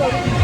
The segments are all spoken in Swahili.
네.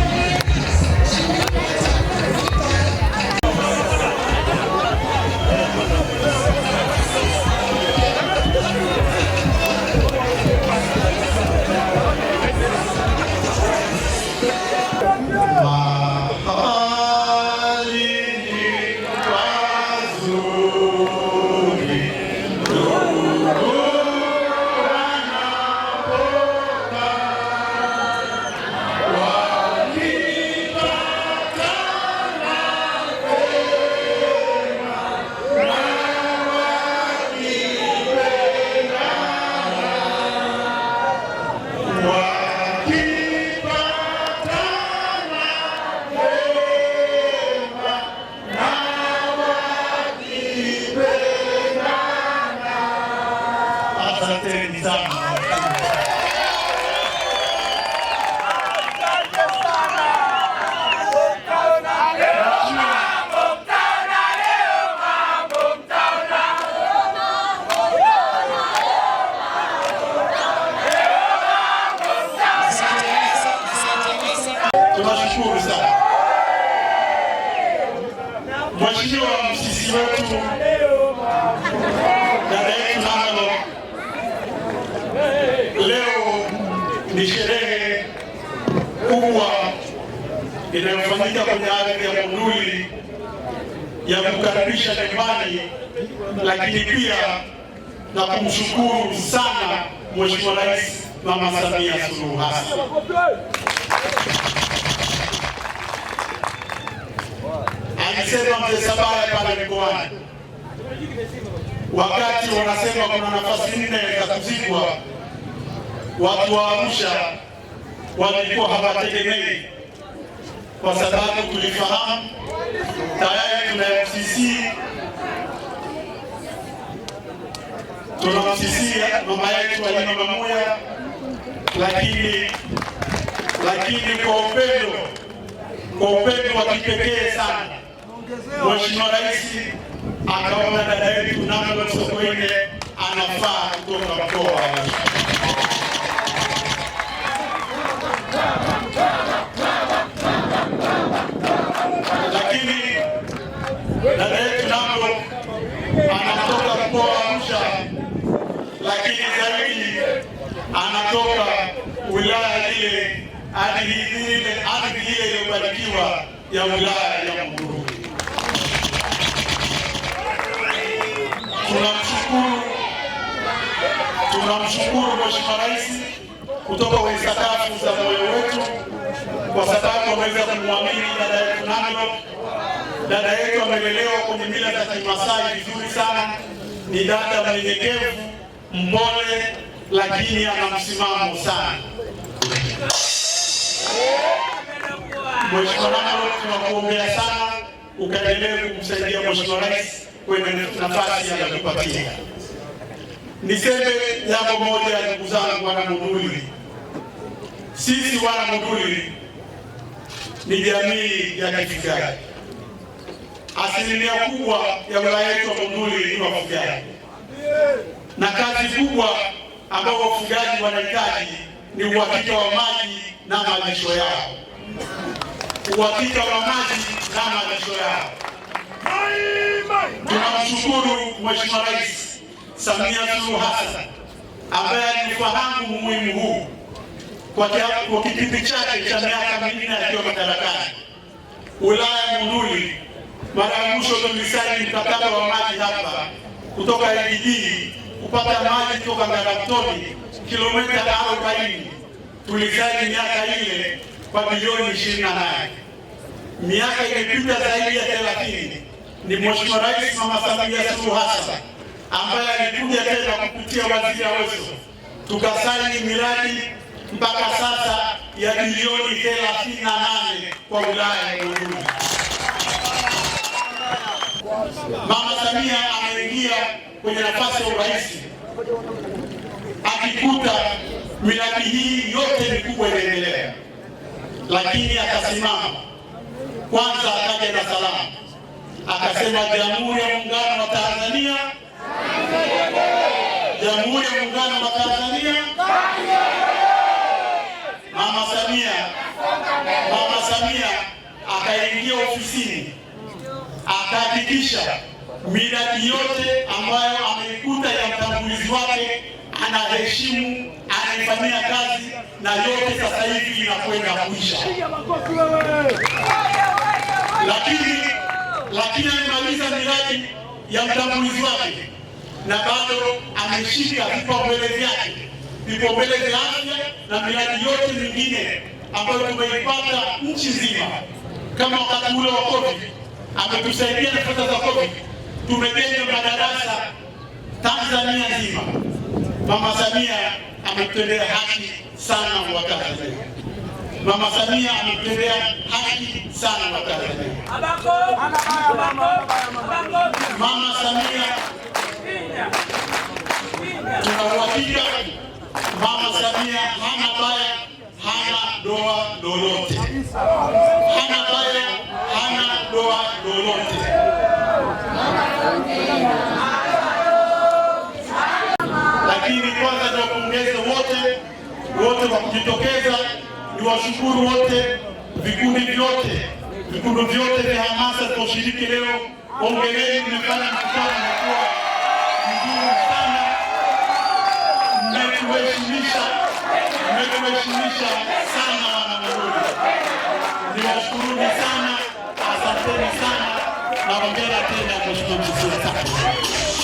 asante ni zangu. Mheshimiwa msisi wetu Leo ni sherehe kubwa inayofanyika kwenye ardhi ya Monduli ya kukaribisha nyumbani, lakini pia na kumshukuru sana Mheshimiwa Rais Mama Samia Suluhu Hassan. Alisema mzee Sabaya pale mkoani wakati wanasema kuna nafasi nne za kuzikwa watu wa Arusha walikuwa hawategemei, kwa sababu tulifahamu tayari tuna FCC, tuna FCC mama yetu Halima mamoya lakini lakini kwa upendo, kwa upendo wa kipekee sana Mheshimiwa Rais akaona dada yetu Namelol Sokoine anafaa kutoka mkoa wa Arusha. anatoka mkoa wa Msha, lakini zaidi anatoka wilaya ile ardhi ile iliyobarikiwa ya wilaya ya Munguruni. Tunamshukuru, tunamshukuru Mheshimiwa Rais kutoka kwenye sakafu za moyo wetu, kwa sababu ameweza kumwamini dada yetu Nanlo Dada yetu amelelewa kwenye mila za Kimasai vizuri sana, ni dada mnyenyekevu, mpole, lakini ana msimamo sana. Mheshimiwa Mama, tunakuombea sana ukaendelee kumsaidia Mheshimiwa Rais kwenye nafasi anakupatia. Niseme jambo moja, ndugu zangu wana Monduli, sisi wana Monduli ni jamii ya kifugaji asilimia kubwa ya wilaya yetu ya Monduli ni wafugaji, na kazi kubwa ambayo wafugaji wanahitaji ni uhakika wa maji na malisho yao, uhakika wa maji na malisho yao. Tunamshukuru Mheshimiwa Rais Samia Suluhu Hassan ambaye alifahamu umuhimu huu kwa kipindi chake cha miaka minne akiwa madarakani wilaya Monduli mara ya mwisho tumesaini mkataba wa maji hapa kutoka kijijini kupata maji kutoka Ngaratoni kilomita 40 tulisaini miaka ile kwa bilioni 28. Miaka imepita zaidi ya 30. Ni Mheshimiwa Rais Mama Samia Suluhu Hassan ambaye alikuja tena kupitia waziri wetu tukasaini miradi mpaka sasa ya bilioni 38 kwa wilaya ya Monduli. Mama Samia anaingia kwenye nafasi ya urais akikuta miradi hii yote mikubwa inaendelea, lakini akasimama kwanza, akaja na salamu akasema, Jamhuri ya Muungano wa Tanzania, Jamhuri ya Muungano wa Tanzania. Mama Samia, Mama Samia akaingia ofisi atahakikisha miradi yote ambayo ameikuta ya mtangulizi wake anaheshimu, anaifanyia kazi na yote sasa hivi inakwenda kuisha. Lakini lakini amemaliza miradi ya mtangulizi wake na bado ameshika vipaumbele vyake, vipaumbele vya afya na miradi yote mingine ambayo tumeipata nchi nzima, kama wakati ule wa COVID ametusaidia na za COVID, tumejenga madarasa Tanzania nzima. Mama Samia ametutendea haki sana wa Tanzania. Mama Samia ametutendea haki sana wa Tanzania. Mama Samia tunauhakika Mama Samia hana baya, hana doa lolote, hana lakini kwanza niwapongeze wote wote kwa kujitokeza, niwashukuru wote, vikundi vyote, vikundi vyote vya hamasa vinaoshiriki leo. Ongeleni, mmefanya mkutano umekuwa mzuri sana, mmetuheshimisha, mmetuheshimisha sana. Wanamagodi, niwashukuruni sana, asanteni sana na hongera tena mheshimiwa mkuu.